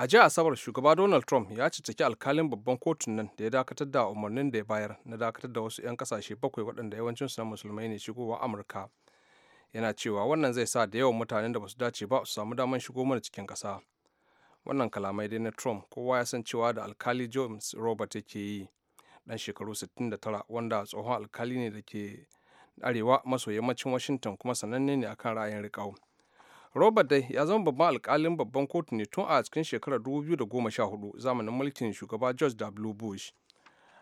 a jiya asabar shugaba donald trump ya cicciki alkalin babban kotun nan da ya dakatar da umarnin da ya bayar na dakatar da wasu 'yan kasashe bakwai waɗanda yawancinsu na musulmai ne shigowa amurka yana cewa wannan zai sa da yawan mutanen da ba su dace ba su samu damar shigo mana cikin ƙasa wannan kalamai dai na trump kowa ya san cewa da alkali james robert yake yi dan shekaru 69 wanda tsohon alkali ne da ke arewa maso yammacin washington kuma sananne ne akan ra'ayin riƙau robert dai ya zama babban alkalin babban kotu ne tun a cikin shekarar 2014 zamanin mulkin shugaba george w bush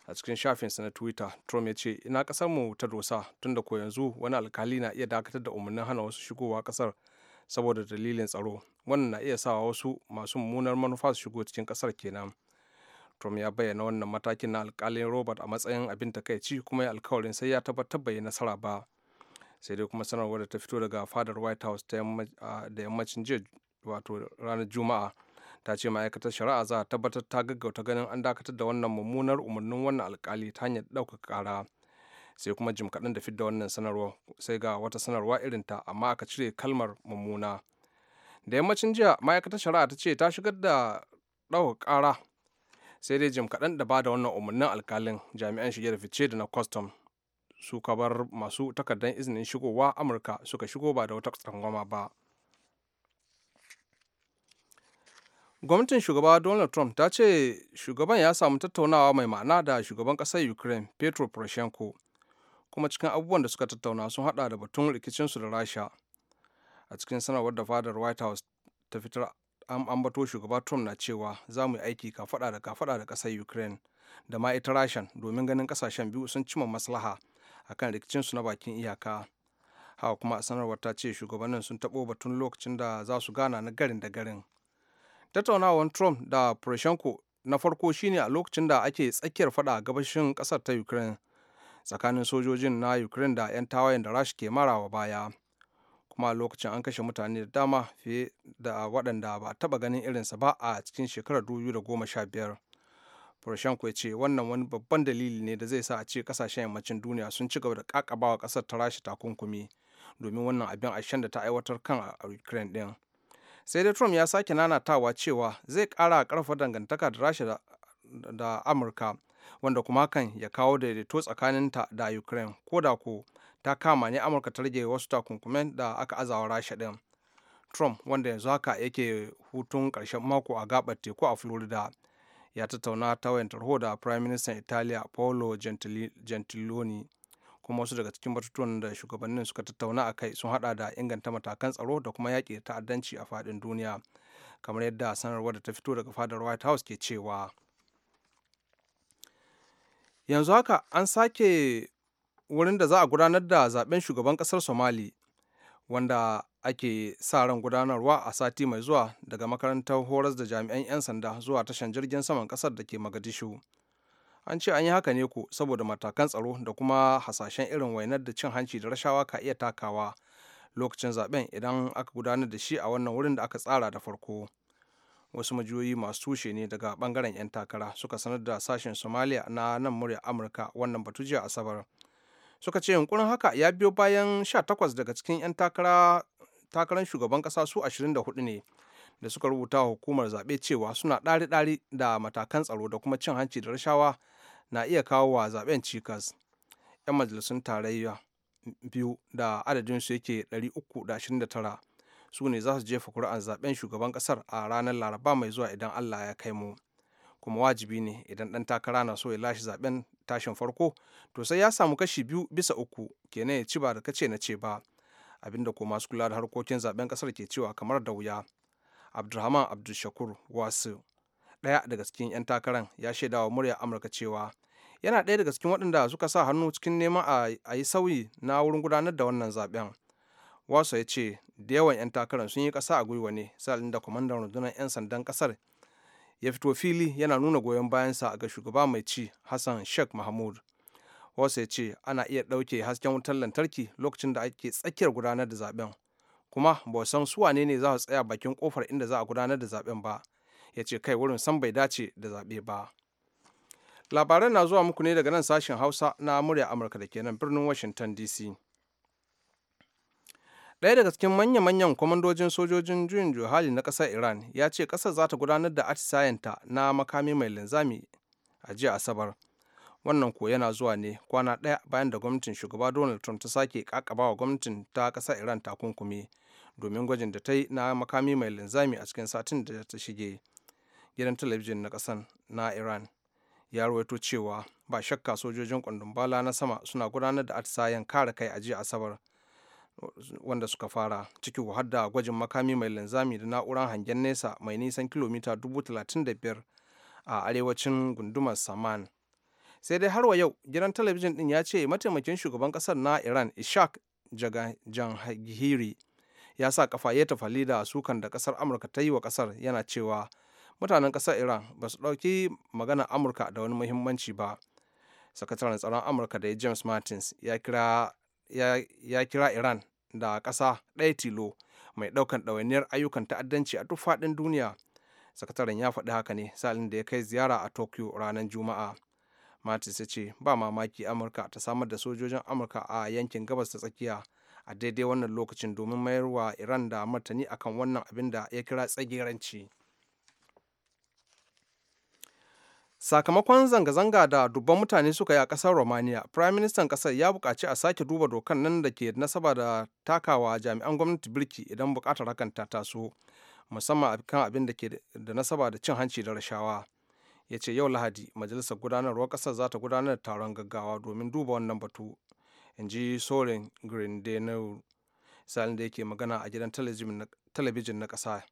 a cikin shafinsa na twitter trump ya ce ina kasar mu ta dosa tun da ko yanzu wani alkali na iya dakatar da umarnin hana wasu shigowa kasar saboda dalilin tsaro wannan na iya sawa wasu masu mummunar manufa su shigo cikin kasar kenan trump ya bayyana wannan matakin na alkalin robert a matsayin abin takaici kuma ya alkawarin sai ya tabbatar bai nasara ba sai dai kuma sanarwar da ta fito daga fadar white house da yammacin jiya wato ranar juma'a ta ce ma'aikatar shari'a za a tabbatar ta gaggauta ganin an dakatar da wannan mummunar umarnin wannan alkali ta hanyar ɗaukar kara sai kuma jim kaɗan da fidda wannan sanarwa sai ga wata sanarwa irinta amma aka cire kalmar mummuna da yammacin jiya ma'aikatar shari'a ta ce ta shigar da ɗaukar kara sai dai jim kaɗan da ba da wannan umarnin alkalin jami'an shige da fice da na kwastam su ka masu takardar izinin shigowa amurka suka shigo ba da wata tsangwama ba gwamnatin shugaba donald trump ta ce shugaban ya samu tattaunawa mai ma'ana da shugaban kasar ukraine petro poroshenko kuma cikin abubuwan da suka tattauna sun hada da batun rikicinsu da rasha a cikin sanarwar da fadar white house ta fitar an ambato shugaba trump na cewa za mu yi aiki kafada da kafada da kasar ukraine da ma ita rashan domin ganin ƙasashen biyu sun cimma maslaha a akan rikicinsu na bakin iyaka haka kuma sanarwar ta ce shugabannin sun taɓo batun lokacin da za su gana na garin da garin tattaunawar trump da poroshenko na farko shine a lokacin da ake tsakiyar fada a gabashin kasar ta ukraine tsakanin sojojin na ukraine da 'yan tawayen da rashi ke marawa baya kuma a lokacin an kashe mutane da dama fiye da waɗanda ba a taɓa ganin irinsa ba a cikin shekarar 2015 poroshenko ya ce wannan wani babban dalili ne da zai sa a ce kasashen yammacin duniya sun ci gaba da kakabawa kasar ta rasha takunkumi domin wannan abin ashen da ta aiwatar kan a ukraine din sai dai trump ya sake nanatawa cewa zai kara karfa dangantaka da rasha da amurka wanda kuma hakan ya kawo daidaito tsakanin ta da ukraine ko da ko ta kama ne amurka ta rage wasu takunkumen da aka azawa rasha din trump wanda yanzu haka yake hutun karshen mako a gabar teku a florida ya tattauna ta wayan tarho da prime minister italia paolo gentiloni kuma wasu daga cikin batutuwan da shugabannin suka tattauna a kai sun hada da inganta matakan tsaro da kuma yaƙi ta'addanci a faɗin duniya kamar yadda sanarwar da ta fito daga fadar white house ke cewa yanzu haka an sake wurin da za a gudanar da zaben shugaban kasar somali wanda ake sa ran gudanarwa a sati mai zuwa daga makarantar horas da jami'an 'yan sanda zuwa tashan jirgin saman kasar da ke magadishu an ce an yi haka ne ku saboda matakan tsaro da kuma hasashen irin wainar da cin hanci da rashawa ka iya takawa lokacin zaben idan aka gudanar da shi a wannan wurin da aka tsara da farko wasu majiyoyi masu tushe ne daga bangaren 'yan takara suka sanar da sashen somalia na nan murya amurka wannan batu jiya asabar suka ce yunkurin haka ya biyo bayan 18 daga cikin 'yan takarar shugaban kasa su 24 ne da suka rubuta wa hukumar zaɓe cewa suna ɗari-ɗari da matakan tsaro da kuma cin hanci da rashawa na iya kawo wa zaɓen cikas 'yan majalisun tarayya biyu da adadin su yake 329 su ne za su jefa kuri'ar zaɓen shugaban ƙasar a ranar laraba mai zuwa idan allah ya kai mu kuma wajibi ne idan ɗan takara na so ya lashe zaben tashin farko to sai ya samu kashi biyu bisa uku kenan ya ci ba da kace na ce ba abinda ko masu kula da harkokin zaben kasar ke cewa kamar da wuya abdulrahman abdulshakur wasu ɗaya daga cikin 'yan takaran ya shaida wa murya amurka cewa yana ɗaya daga cikin waɗanda suka sa hannu cikin neman a yi sauyi na wurin gudanar da wannan zaben wasu ya ce da yawan 'yan takaran sun yi ƙasa a gwiwa ne sa'ilin da kwamandan rundunar 'yan sandan ƙasar ya fito fili yana nuna goyon bayansa ga shugaba mai ci hassan sheikh mahmud wasu ya ce ana iya ɗauke hasken wutar lantarki lokacin da ake tsakiyar gudanar da zaben kuma ba san su wane ne za su tsaya bakin kofar inda za a gudanar da zaben ba ya ce kai wurin san bai dace da zaɓe ba labaran na zuwa muku ne daga nan sashen hausa na murya amurka da ke nan birnin washington dc ɗaya daga cikin manya-manyan kwamandojin sojojin juyin juhali na ƙasar iran ya ce ƙasar za ta gudanar da atisayenta na makami mai linzami a jiya asabar wannan ko yana zuwa ne kwana ɗaya bayan da gwamnatin shugaba donald trump ta sake wa gwamnatin ta ƙasar iran takunkumi domin gwajin da ta yi na makami mai linzami a cikin satin da ta shige gidan talabijin na ƙasar na iran ya rawaito cewa ba shakka sojojin kwandon bala na sama suna gudanar da atisayen kare kai a jiya asabar wanda suka fara ciki har da gwajin makami mai linzami da na'urar hangen nesa mai nisan kilomita 35,000 a arewacin gundumar saman sai dai har yau gidan talabijin din ya ce mataimakin shugaban kasar na iran ishak jangahiri ya sa kafa ya tafali da sukan da kasar amurka ta yi wa kasar yana cewa mutanen kasar iran ba su ɗauki maganar amurka da wani muhimmanci ba sakataren tsaron amurka da james martins ya kira ya kira iran da ƙasa ɗaya tilo mai ɗaukan ɗawainiyar ayyukan ta'addanci a duk faɗin duniya sakataren ya faɗi haka ne salin da ya kai ziyara a tokyo ranar juma'a matis ya ce ba mamaki amurka ta samar da sojojin amurka a yankin gabas ta tsakiya a daidai wannan lokacin domin mayar iran da martani akan wannan abin da ya kira tsageranci sakamakon zanga-zanga da dubban mutane suka yi a kasar romania prime Minister kasar ya bukaci a sake duba dokan nan da ke nasaba da takawa jami'an gwamnati birki idan bukatar hakan ta taso musamman kan abin da ke da nasaba da cin hanci da rashawa ya ce yau lahadi majalisar gudanarwar kasar za ta gudanar da taron gaggawa domin duba wannan batu in ji soren grindenau salin da yake magana a gidan talabijin na ƙasa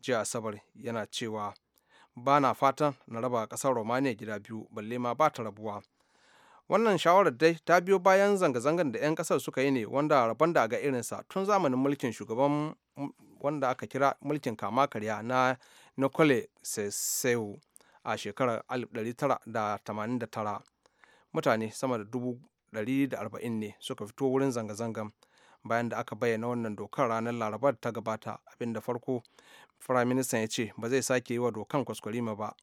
jiya asabar yana cewa ba na fatan na raba ƙasar romania gida biyu balle ma ba ta rabuwa wannan shawarar dai ta biyo bayan zanga zangan da 'yan ƙasar suka yi ne wanda rabon da ga irinsa tun zamanin mulkin shugaban wanda aka kira mulkin kama karya na nicole seseu a shekarar 1989 mutane sama da 140 ne suka fito wurin zanga-zangar bayan da aka bayyana wannan dokar ranar larabar ta gabata abinda farko firaministan ya ce ba zai sake yi wa dokan kwaskwarima ba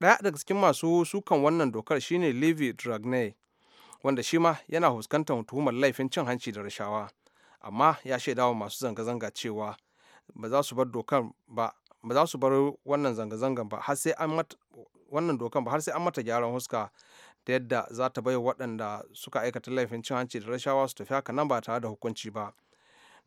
ɗaya daga cikin masu sukan wannan dokar shine levi dragney wanda shi ma yana fuskantar tuhumar laifin cin hanci da rashawa amma ya shaidawa masu zanga-zanga cewa ba za su bar wannan zanga-zangan ba har sai an mata wannan ba har sai an mata gyaran huska ta yadda za ta bai waɗanda suka aikata laifin cin hanci da rashawa su tafi haka nan ba tare da hukunci ba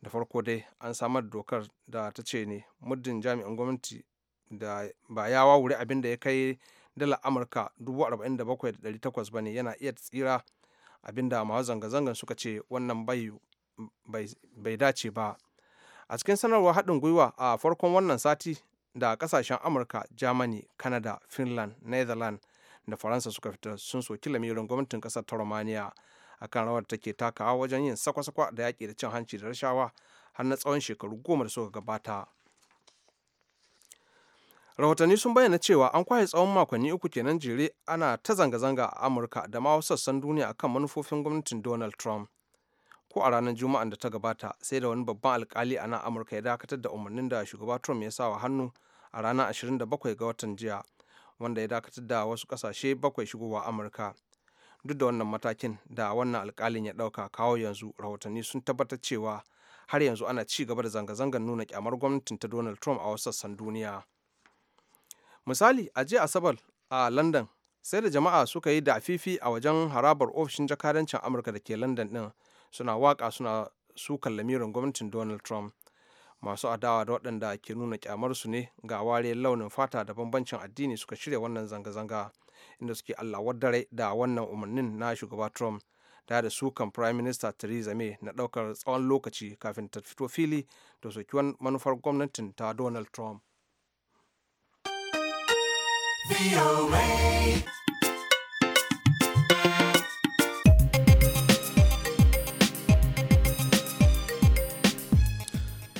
da farko dai an samar da dokar da ta ce ne muddin jami'in gwamnati da ba ya wawure abin da ya kai dala amurka 47,800 ba ne yana iya tsira abin da masu zanga-zangan suka ce wannan bai dace ba a cikin sanarwar haɗin gwiwa a farkon wannan sati da kasashen amurka germany canada finland netherlands da faransa suka fita sun soki lamirin gwamnatin kasar ta romania akan rawar da take takawa wajen yin sakwasakwa sakwa da yaƙi da cin hanci da rashawa har na tsawon shekaru goma da suka gabata rahotanni sun bayyana cewa an kwaye tsawon makonni uku kenan jere ana ta zanga-zanga a amurka da ma sassan duniya akan manufofin gwamnatin donald trump ko a ranar juma'an da ta gabata sai da wani babban alkali a nan amurka ya dakatar da umarnin da shugaba trump ya sa wa hannu a ranar 27 ga watan jiya wanda ya dakatar da wasu kasashe bakwai shigowa amurka duk da wannan matakin da wannan alkalin ya dauka kawo yanzu rahotanni sun tabbatar cewa har yanzu ana ci gaba da zanga-zangar nuna kyamar gwamnatin ta donald trump a wasu sassan duniya misali a jiya asabar a london sai da jama'a suka yi da fifi a wajen harabar ofishin jakadancin amurka da ke london din suna waka suna sukan lamirin gwamnatin donald trump masu adawa da waɗanda ke nuna kyamar su ne ga wariyar launin fata da bambancin addini suka shirya wannan zanga-zanga inda suke allah dare da wannan umarnin na shugaba trump da da sukan prime minister theresa may na ɗaukar tsawon lokaci kafin ta fito fili da soki manufar gwamnatin ta donald trump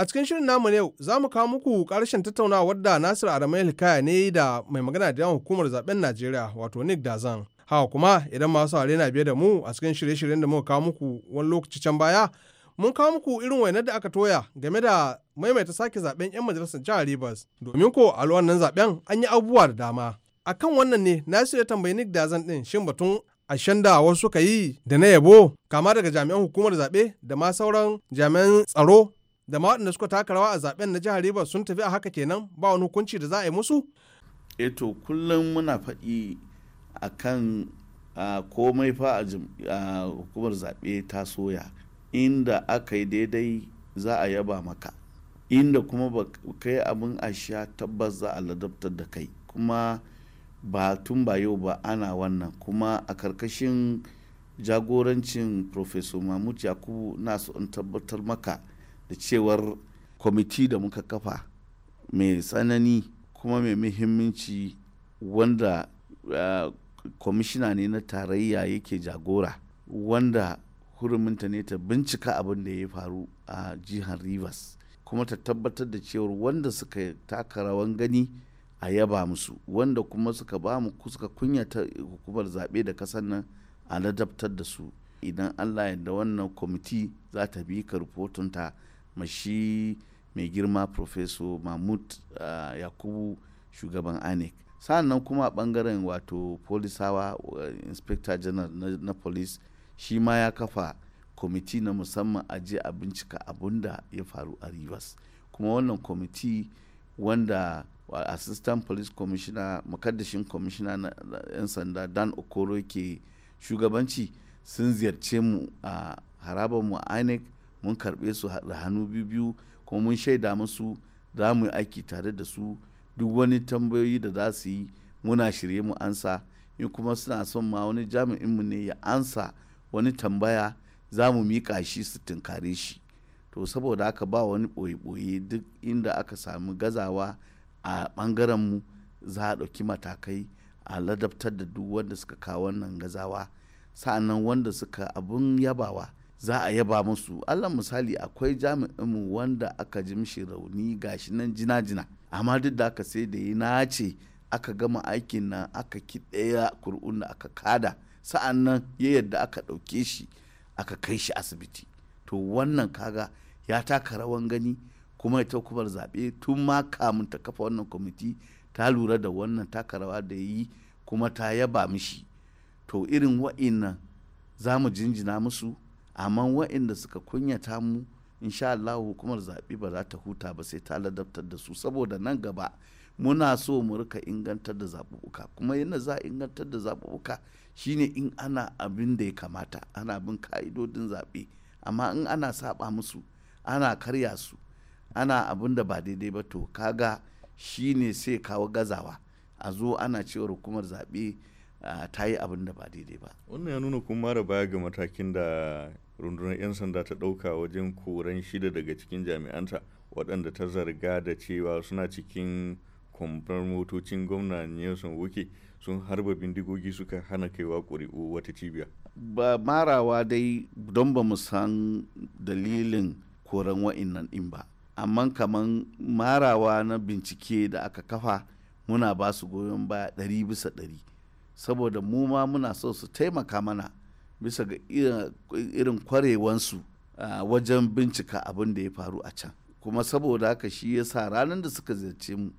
A cikin shirin namu yau za mu kawo muku ƙarshen tattaunawa wadda Nasir Adamu hikaya ne da mai magana da yawan hukumar zaben Najeriya wato Nick Dazan. Hawa kuma idan masu aure na biye da mu a cikin shirye-shiryen da muka kawo muku wani lokaci can baya mun kawo muku irin wainar da aka toya game da maimaita sake zaben 'yan majalisar jihar Rivers domin ko a wannan zaben an yi abubuwa da dama. a kan wannan ne Nasir ya tambayi Nick Dazan din shin batun ashen da wasu suka yi da na yabo kama daga jami'an hukumar zaɓe da ma sauran jami'an tsaro da ma waɗanda suka taka rawa a zaben na jihar Rivers sun tafi a haka kenan ba wani hukunci da za a yi musu? Eh to kullum muna faɗi a kan komai fa a hukumar zaɓe ta soya inda aka yi daidai za a yaba maka inda kuma ba kai abin a sha tabbas za a ladabtar da kai kuma ba tun ba yau ba ana wannan kuma a karkashin jagorancin professor mahmud yakubu na so in tabbatar maka da cewar kwamiti da muka kafa mai tsanani kuma mai muhimmanci wanda eh, kwamishina ne na tarayya yake jagora wanda huruminta ne ta bincika abin da ya faru a jihar rivers kuma ta tabbatar da cewar wanda suka taka rawan gani a yaba musu wanda kuma suka ba mu kunya kunyata hukumar zaɓe da kasar nan a ladabtar da su idan allah yadda wannan kwamiti za ta bi ka rufotunta shi mai girma profeso mahmud ah, yakubu shugaban e anec nan kuma a bangaren wato polisawa uh, eh, inspector general na, na police shi ma ya kafa kwamiti na musamman a je a bincika abun da ya faru a rivers kuma wannan kwamiti wanda assistant police commissioner makaddashin commissioner na 'yan sanda dan okoro ke shugabanci sun ziyarce mu a harabar mu inec mun karɓe su da hannu biyu kuma mun shaida musu za mu yi aiki tare da su duk wani tambayoyi da za su yi muna shirye mu ansa in kuma suna son ma wani jami'in mu ne ya ansa wani tambaya za mu miƙa shi su tunkare shi to saboda haka ba wani ɓoye-ɓoye duk inda aka samu gazawa a ɓangaren mu za a ɗauki matakai a ladabtar da duk wanda suka kawo wannan gazawa sa'annan wanda suka abun yabawa za a yaba musu allah misali akwai jami'inmu wanda aka ji mishi rauni gashi nan jina-jina amma duk da aka sai da yi na ce aka gama aikin nan aka kiɗaya kur'un da aka kada sa'an nan ya yadda aka ɗauke shi aka kai shi asibiti to wannan kaga ya taka rawan gani kuma ita taukubar zaɓe tun ma kamun ta kafa wannan kwamiti ta lura da wannan taka rawa da ya yi kuma ta yaba mishi to irin wa'innan za mu jinjina musu amma waɗanda suka kunyata mu insha Allah hukumar zaɓe ba za ta huta ba sai ta ladabtar da su saboda nan gaba muna so mu rika ingantar da zaɓuɓɓuka kuma yana za a ingantar da zaɓuɓɓuka shine in ana abin da ya kamata ana bin ka'idodin zaɓe amma in ana saba musu ana karya su ana abin da ba daidai ba to kaga shine sai kawo gazawa a zo ana cewa hukumar zaɓe ah, ta yi abin da ba daidai ba wannan ya nuna kuma da baya ga matakin da rundunar 'yan sanda ta ɗauka wajen koren shida daga cikin jami'anta waɗanda ta zarga da cewa suna cikin kwamfar motocin gwamna nelson wuke sun harba bindigogi suka hana kaiwa ƙuri'u wata cibiya ba marawa dai don ba mu san dalilin koren wa'innan ɗin ba amma kamar marawa na bincike da aka kafa muna ba su goyon baya ɗari bisa ɗari saboda mu ma muna so su taimaka mana bisa ga irin kwarewansu wajen bincika abin da ya faru a can kuma saboda haka shi ya sa ranar da suka ziyarce mu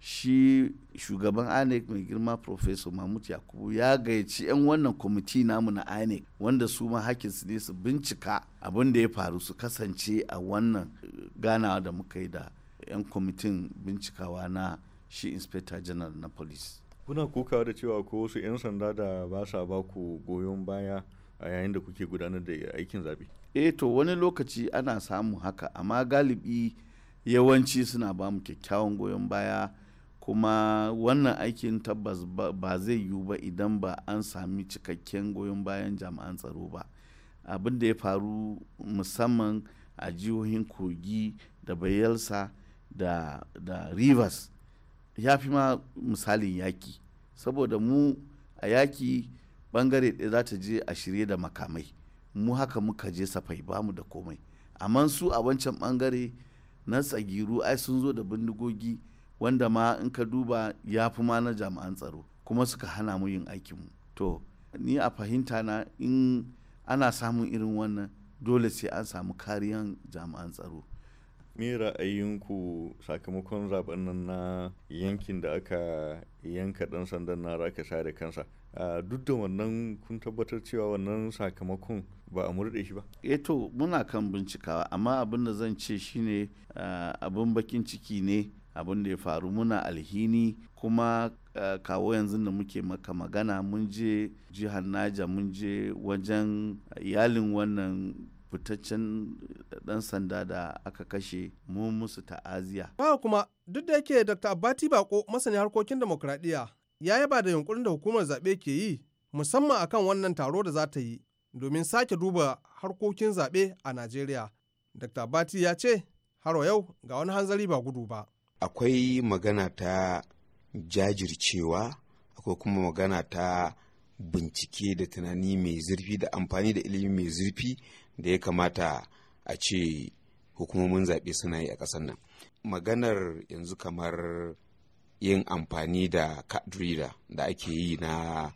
shi shugaban INEC mai girma professor mahmud yakubu ya gayyaci 'yan wannan kwamiti namu na INEC wanda su ma hakinsu ne su bincika abin da ya faru su kasance a wannan ganawa da muka yi da 'yan kwamitin bincikawa na shi inspector general na police kuna kuka da cewa ko wasu 'yan sanda da ba sa ba ku goyon baya a yayin da kuke gudanar da aikin zaɓe eh to wani lokaci ana samun haka amma galibi yawanci suna ba mu kyakkyawan goyon baya kuma wannan aikin tabbas ba zai yiwu ba idan ba an sami cikakken goyon bayan jami'an tsaro ba abin da ya faru musamman a jihohin kogi da bayelsa da, da rivers ya fi ma misalin yaki saboda mu a yaki bangare ɗaya za ta je a shirye da makamai mu haka muka je safai ba mu da komai amma su a wancan bangare na tsagiru ai sun zo da bindigogi wanda ma in ka duba ya fi ma na jami'an tsaro kuma suka hana mu yin aikinmu to ni a fahimta na in ana samun irin wannan dole sai an samu kariyan jami'an tsaro me ra'ayinku sakamakon zaben nan na yankin da aka yanka dan sandan na raka share da kansa duk da wannan kun tabbatar cewa wannan sakamakon ba a murɗe shi ba eh to muna kan bincikawa amma abin da zan ce shine abin bakin ciki ne abin da ya faru muna alhini kuma kawo yanzu da muke maka magana mun je jihar naja mun je wajen iyalin wannan fitaccen dan sanda da aka kashe mu musu ta'aziya. Haka kuma duk da yake Dr. Abati Bako masani harkokin demokradiyya ya yaba da yunkurin da hukumar zaɓe ke yi musamman akan wannan taro da za ta yi domin sake duba harkokin zaɓe a Najeriya. Dr. Abati ya ce, har yau ga wani hanzari ba gudu ba. Akwai magana ta jajircewa, akwai kuma magana ta bincike da tunani mai zurfi da amfani da ilimi mai zurfi da ya kamata a ce hukumomin zaɓe suna yi a ƙasar nan maganar yanzu kamar yin amfani da kadrida da ake yi na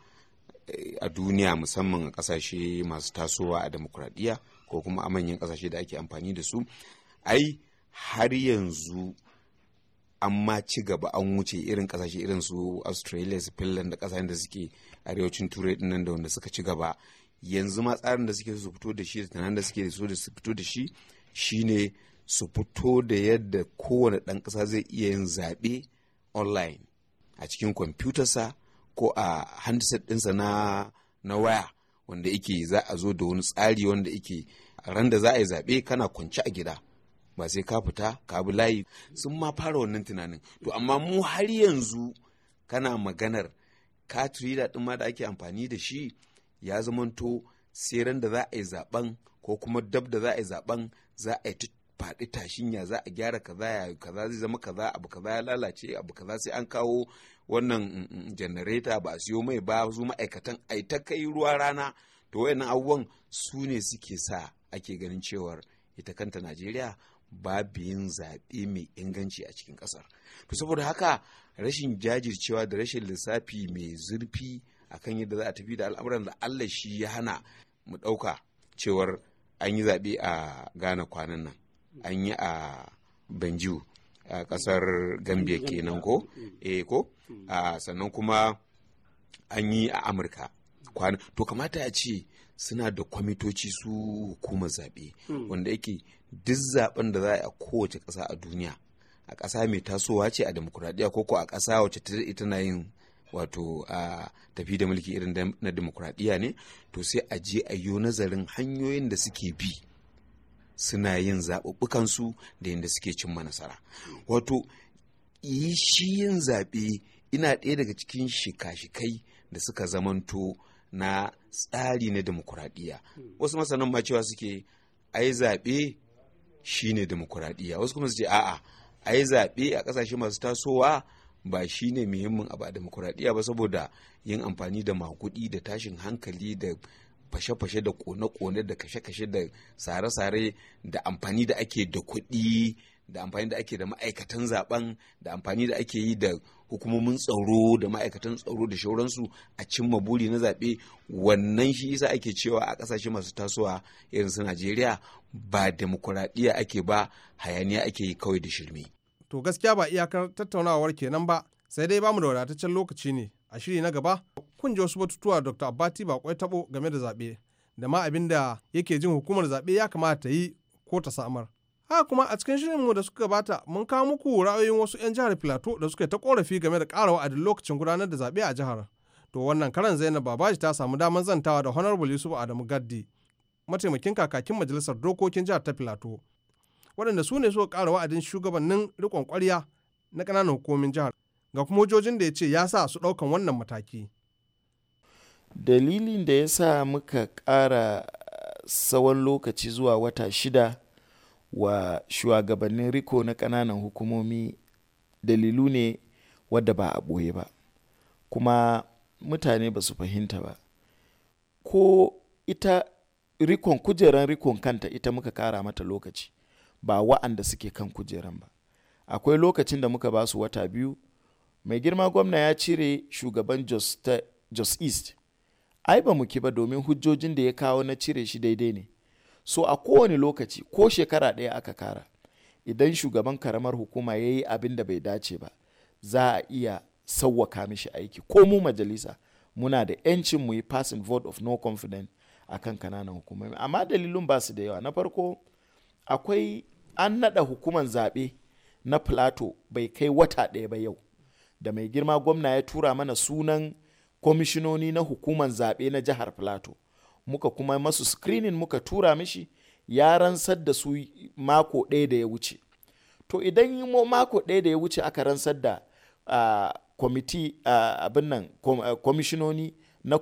eh, a duniya musamman a ƙasashe masu tasowa a demokuraɗiyya ko kuma a manyan ƙasashe da ake amfani da su ai har yanzu an ma ci gaba an wuce irin ƙasashe irin su australia su finland da ƙasashen da suke arewacin turai nan da wanda suka ci gaba yanzu ma tsarin da suke su fito da shi da tunanin da suke so da su fito da shi shine su fito da yadda kowane ɗan ƙasa zai iya yin zaɓe online a cikin kwamfutarsa ko a handset ɗinsa na na waya wanda yake za a zo da wani tsari wanda yake ran da za a yi zaɓe kana kwance a gida ba sai ka fita ka bi layi sun ma fara wannan tunanin to amma mu har yanzu kana maganar katiri da ɗin ma da ake amfani da shi ya zamanto tseren da za a yi zaben ko kuma dab da za a yi zaben za a yi faɗi tashinya za a gyara kaza ya kaza zai zama kaza abu kaza ya lalace abu kaza sai an kawo wannan janareta mm, mm, mm, ba a siyo mai ba su ma'aikatan ai ta kai ruwa rana to wayannan abubuwan su ne suke sa ake ganin cewar ita kanta najeriya babu yin zaɓe mai inganci a cikin ƙasar to saboda haka rashin jajircewa da rashin lissafi mai zurfi akan yadda za a tafi da al'amuran da Allah shi ya hana mu ɗauka cewar an yi zaɓe a Ghana kwanan nan an yi a Banjiu a ƙasar Gambia kenan ko mm. eh ko mm. sannan kuma an yi a Amurka kwanan to kamata a ce suna da kwamitoci su hukumar zaɓe mm. wanda yake duk zaɓen da za a kowace ƙasa a duniya a ƙasa mai tasowa ce a demokuraɗiyya ko a ƙasa wacce ita na yin wato a tafi da mulki irin na demokuraɗiyya ne to sai a je a yi nazarin hanyoyin da suke bi suna yin zaɓuɓɓukansu da yadda suke cimma nasara wato yi shi yin zaɓe ina ɗaya daga cikin shika-shikai da suka zamanto na tsari na demokuraɗiyya wasu masanan ma cewa suke ai zaɓe shi ne demokuraɗiyya wasu kuma su ce a'a ai zaɓe a ƙasashe masu tasowa ba shi ne muhimmin abu a demokuraɗiyya ba saboda yin amfani da makudi da tashin hankali da fashe-fashe da kone-kone da kashe-kashe da sare-sare da amfani da ake da kuɗi da amfani da ake da ma'aikatan zaben da amfani da ake yi da hukumomin tsaro da ma'aikatan tsaro da shauransu a cimma buri na zaɓe wannan shi isa ake cewa a ƙasashe masu tasowa irin su najeriya ba demokuraɗiyya ake ba hayaniya ake yi kawai da shirme To gaskiya ba iyakar tattaunawar kenan ba, sai dai bamu da wadataccen lokaci ne a shiri na gaba. Kun ji wasu batutuwa Dr. Abbati Bakwai Tabo game da zaɓe, da ma abin da yake jin hukumar zaɓe ya kamata ta yi ko ta samar. Haka kuma a cikin shirin mu da suka gabata mun kawo muku ra'ayoyin wasu 'yan jihar Filato da suka yi ta korafi game da ƙara wa'adin lokacin gudanar da zaɓe a jihar. To wannan karan Zainab Babaji ta samu damar zantawa da Honorable Yusuf Adamu Gaddi, mataimakin kakakin majalisar dokokin jihar ta Filato, waɗanda su ne suka ƙara wa'adin shugabannin riƙon ƙwarya na ƙananan hukumomin jihar ga kuma hujjojin da ya ce ya sa su ɗaukan wannan mataki. Dalilin da ya sa muka ƙara tsawon lokaci zuwa wata shida wa shugabannin riko na ƙananan hukumomi dalilu ne wadda ba a ɓoye ba kuma mutane ba su fahimta ba ko ita rikon kujeran rikon kanta ita muka kara mata lokaci ba wa'anda suke kan kujeran ba akwai lokacin da muka ba su wata biyu mai girma gwamna ya cire shugaban jos east ai ba mu ki ba domin hujjojin da ya kawo na cire shi daidai ne so a kowane lokaci ko shekara ɗaya aka kara idan shugaban karamar hukuma ya yi abin da bai dace ba za a iya sauwaka mishi aiki ko mu majalisa muna da 'yancin mu yi passing vote of no confidence akan kananan hukumomi amma dalilin ba su da yawa na farko akwai an naɗa hukumar zaɓe na plato bai kai wata ɗaya ba yau da mai girma gwamna ya tura mana sunan kwamishinoni na hukumar zaɓe na jihar plato muka kuma masu screening muka tura mishi ya ransar da su mako ɗaya da ya wuce to idan yi mako ɗaya da ya wuce aka ransar da kwamiti abin kwamishinoni na,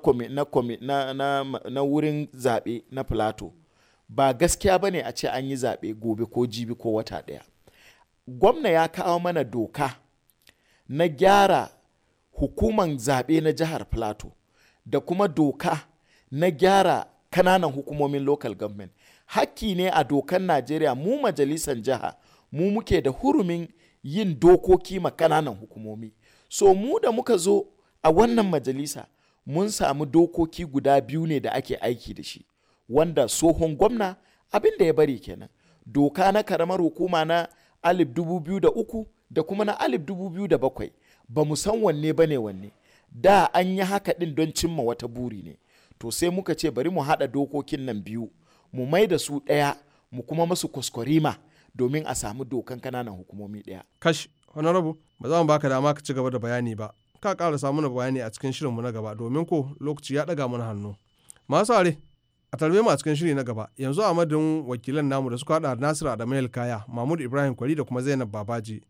wurin zaɓe na plato ba gaskiya ba ne a ce an yi zaɓe gobe ko jibi ko wata ɗaya gwamna ya kawo mana doka na gyara hukuman zaɓe na jihar plateau da kuma doka na gyara kananan hukumomin local government hakki ne a dokan najeriya mu majalisan jiha mu muke da hurumin yin dokoki ma kananan hukumomi so mu da muka zo a wannan majalisa mun samu dokoki guda biyu ne da ake aiki da shi wanda tsohon gwamna abin da ya bari kenan doka na karamar hukuma na alif dubu da uku da kuma na alif dubu biyu da bakwai ba mu san wanne ba ne wanne da an yi haka ɗin don cimma wata buri ne to sai muka ce bari mu haɗa dokokin nan biyu mu mai da su ɗaya mu kuma masu kuskurima domin a samu dokan kananan hukumomi ɗaya. kash honorable ba za mu baka dama ka ci gaba da bayani ba ka ƙara samu na bayani a cikin shirinmu na gaba domin ko lokaci ya ɗaga mana hannu masu are a tarbe mu a cikin shiri na gaba yanzu a madin wakilan namu da suka hada nasiru adamayel kaya mahmud ibrahim kwari da kuma zainab babaji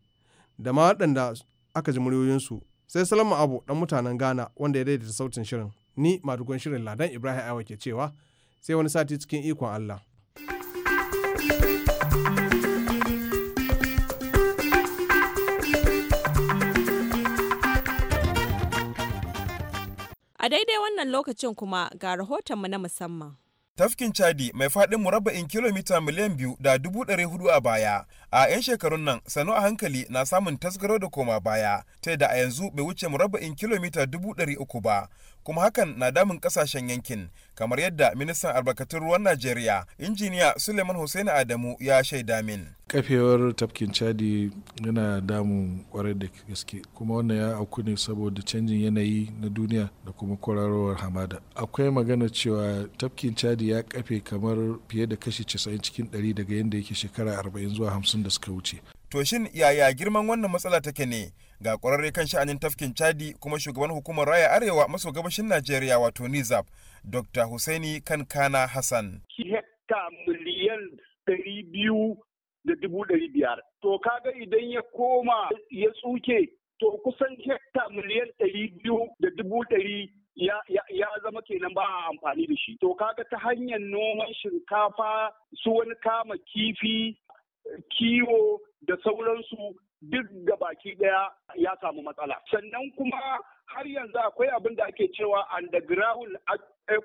da ma waɗanda aka ji muryoyinsu sai salamu abu dan mutanen ghana wanda ya daidaita sautin shirin ni madugon shirin ladan ibrahim aiwa ke cewa sai wani sati cikin ikon allah a daidai wannan lokacin kuma ga rahotonmu na musamman Tafkin Chadi mai faɗin murabba'in kilomita miliyan biyu da dubu ɗari hudu a baya, a 'yan shekarun nan sanu a hankali na samun tasgaro da koma baya, ta da a yanzu bai wuce murabba'in kilomita dubu ɗari uku ba, kuma hakan na damun kasashen yankin kamar yadda ministan albarkatun ruwan najeriya injiniya suleiman hussein adamu ya shaida min kafewar tafkin chadi yana damun kwarai da gaske kuma wannan ya auku ne saboda canjin yanayi na duniya da kuma kwararowar hamada akwai magana cewa tafkin chadi ya kafe kamar fiye da kashi 90 cikin 100 daga yadda yake shekara 40 zuwa 50 da suka wuce to shin yaya girman wannan matsala take ne ga kwararre kan sha'anin tafkin chadi kuma shugaban hukumar raya arewa maso gabashin najeriya wato nizab dr husaini kankana hassan hekta miliyan ɗari biyu to kaga idan ya koma ya tsuke to kusan hekta miliyan ɗari biyu da dubu ɗari ya, zama kenan ba a amfani da shi to kaga ta hanyar noman shinkafa su wani kama kifi kiwo da sauransu duk da baki daya ya samu matsala sannan kuma har yanzu akwai abin da ake cewa underground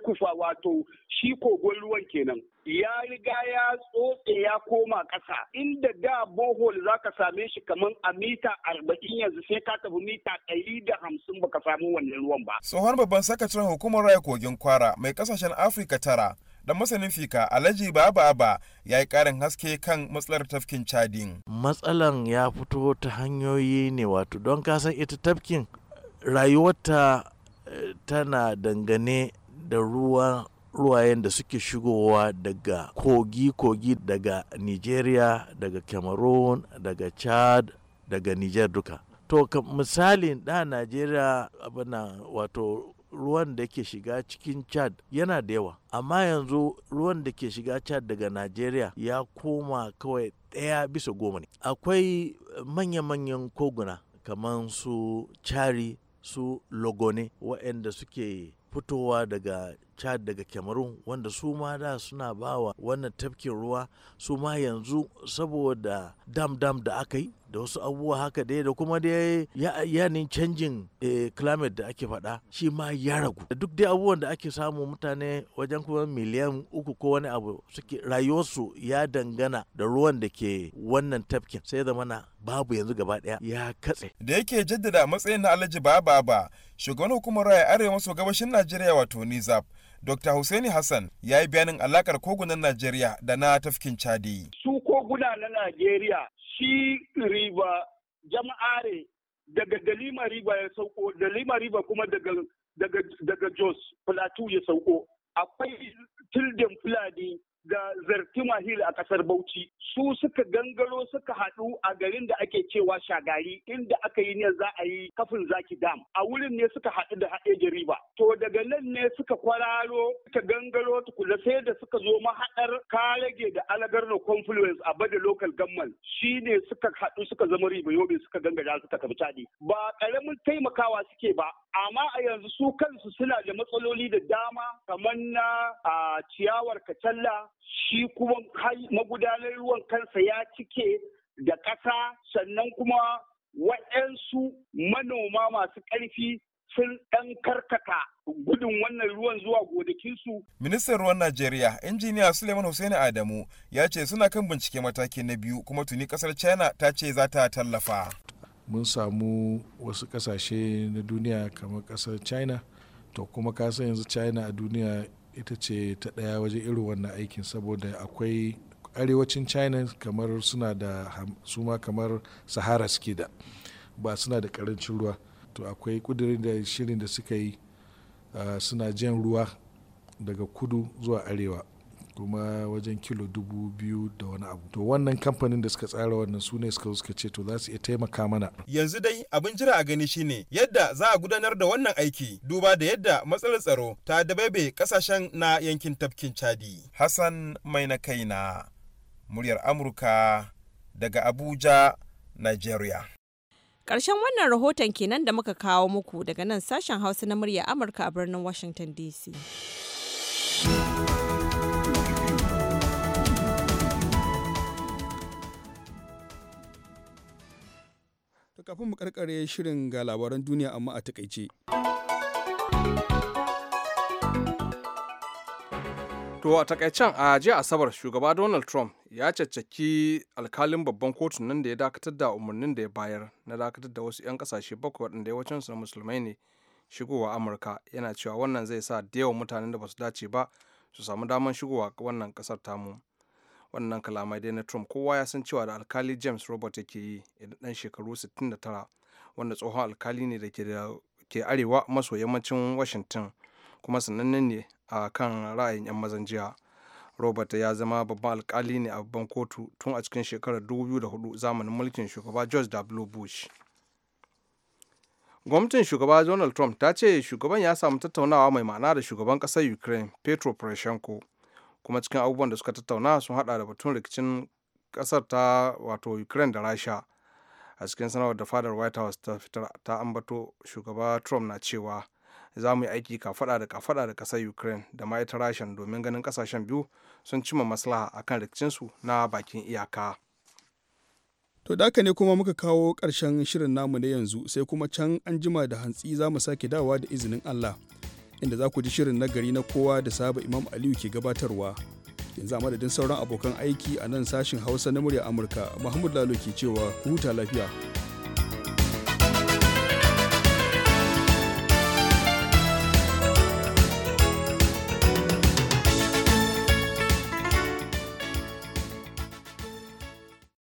kufa wato shi kogon ruwan kenan ya riga ya tsotse ya koma ƙasa inda da bohol za ka same shi kamar a mita arba'in yanzu sai ka tafi mita ɗari da hamsin baka samu wannan ruwan ba. tsohon babban sakacin hukumar raya kogin kwara mai ƙasashen afirka tara da masanin fika alhaji baba ba ya yi karin haske kan matsalar tafkin chadin matsalan ya fito ta hanyoyi ne wato don kasan ita tafkin rayuwarta eh, tana dangane da ruwan ruwayen da suke shigowa daga kogi-kogi daga nigeria daga cameroon daga chad daga niger duka to misali da nigeria abinan wato ruwan da ke shiga cikin chad yana da yawa amma yanzu ruwan da ke shiga chad daga nigeria ya koma kawai daya bisa goma ne akwai manya-manyan koguna kamar su chari su logone waɗanda suke fitowa daga chad daga cameroon wanda su ma da suna bawa wannan tafkin ruwa su ma yanzu saboda dam dam da aka yi da wasu abubuwa haka dai da kuma dai yanin canjin eh, climate da ake faɗa shi ma ya ragu da duk dai abubuwan da ake samu mutane wajen kuma miliyan uku ko wani abu suke rayuwarsu ya dangana da ruwan da ke wannan tafkin sai zamana babu yanzu gaba ɗaya ya katse da yake jaddada matsayin na alhaji baba ba shugaban hukumar raya arewa maso gabashin najeriya wato nizab Dr. Hussaini Hassan ya yi bayanin alakar kogunan Najeriya da na tafkin Chadi. Su koguna na Najeriya shi riba jama'are daga Dalima riba ya sauko, Dalima riba kuma daga daga Jos Plateau ya sauko. Akwai tilden Fulani da zartima hil a kasar bauchi su suka gangaro suka haɗu a garin da ake cewa shagari inda aka yi ne za a yi kafin zaki dam a wurin ne suka haɗu da haɗe jariba. to daga nan ne suka kwararo suka gangaro tukuna sai da suka zo mahaɗar karage da na confluence a bada local gammal shi ne suka haɗu suka zama riba suka gangara suka tafi caɗi ba ƙaramin taimakawa suke ba amma a yanzu su kansu suna da matsaloli da dama kamar na ciyawar kacalla shi kuma magudanar ruwan kansa ya cike da ƙasa sannan kuma waɗansu manoma masu ƙarfi sun ɗan karkata gudun wannan ruwan zuwa gonakinsu. Ministan ruwan Najeriya, injiniya Suleiman Hussein Adamu ya ce suna kan bincike mataki na biyu kuma tuni ƙasar China ta ce za ta tallafa. Mun samu wasu ƙasashe na duniya kamar ƙasar China, to kuma ka yanzu China a duniya ita ce ta ɗaya waje irin wannan aikin saboda akwai arewacin china kamar suna da suma kamar sahara suke da ba suna da karancin ruwa to akwai kudirin da shirin da suka yi ah, suna jan ruwa daga kudu zuwa arewa kuma wajen kilo dubu biyu da wani abu to wannan kamfanin da suka tsara wannan su ne suka suka ce to za su iya taimaka mana yanzu dai abin jira a gani shine yadda za a gudanar da wannan aiki duba da yadda matsalar tsaro ta dabaibe kasashen na yankin tafkin chadi hassan mai na kai na muryar amurka daga abuja nigeria Ƙarshen wannan rahoton kenan da muka kawo muku daga nan sashen Hausa na murya Amurka a birnin Washington DC. To kafin mu karkare shirin ga labaran duniya amma a takaice. To a takaicen a jiya Asabar shugaba Donald Trump ya caccaki alkalin babban kotu nan da ya dakatar da umarnin da ya bayar na dakatar da wasu 'yan kasashe bakwai waɗanda su na musulmai ne shigowa Amurka yana cewa wannan zai sa da yawan mutanen da ba su dace ba su samu damar shigowa wannan ƙasar tamu. wannan kalamai dai na trump kowa ya san cewa da alkali james robert yake yi dan shekaru 69 wanda tsohon alkali ne da ke arewa maso yammacin washington kuma sanannen ne a kan ra'ayin 'yan mazan jiya robert ya zama babban alkali ne a babban kotu tun a cikin shekarar 2004 zamanin mulkin shugaba george w bush gwamnatin shugaba donald trump ta ce shugaban ya samu tattaunawa mai ma'ana da shugaban kasar ukraine petro poroshenko kuma cikin abubuwan da suka tattauna sun hada da batun rikicin kasar ta wato ukraine da rasha a cikin sanarwar da fadar white house ta fitar ta ambato shugaba trump na cewa za mu yi aiki kafada da kafada da kasar ukraine da ma ita rashin domin ganin kasashen biyu sun cima maslaha akan rikicinsu na bakin iyaka to da ne kuma muka kawo karshen shirin namu na yanzu sai kuma can an jima da hantsi za mu sake dawa da izinin allah inda za ku ji shirin nagari na kowa da saba Imam Aliyu ke gabatarwa. Yanzu a madadin sauran abokan aiki a nan sashin Hausa na murya Amurka, mahmud Lalo ke cewa huta lafiya.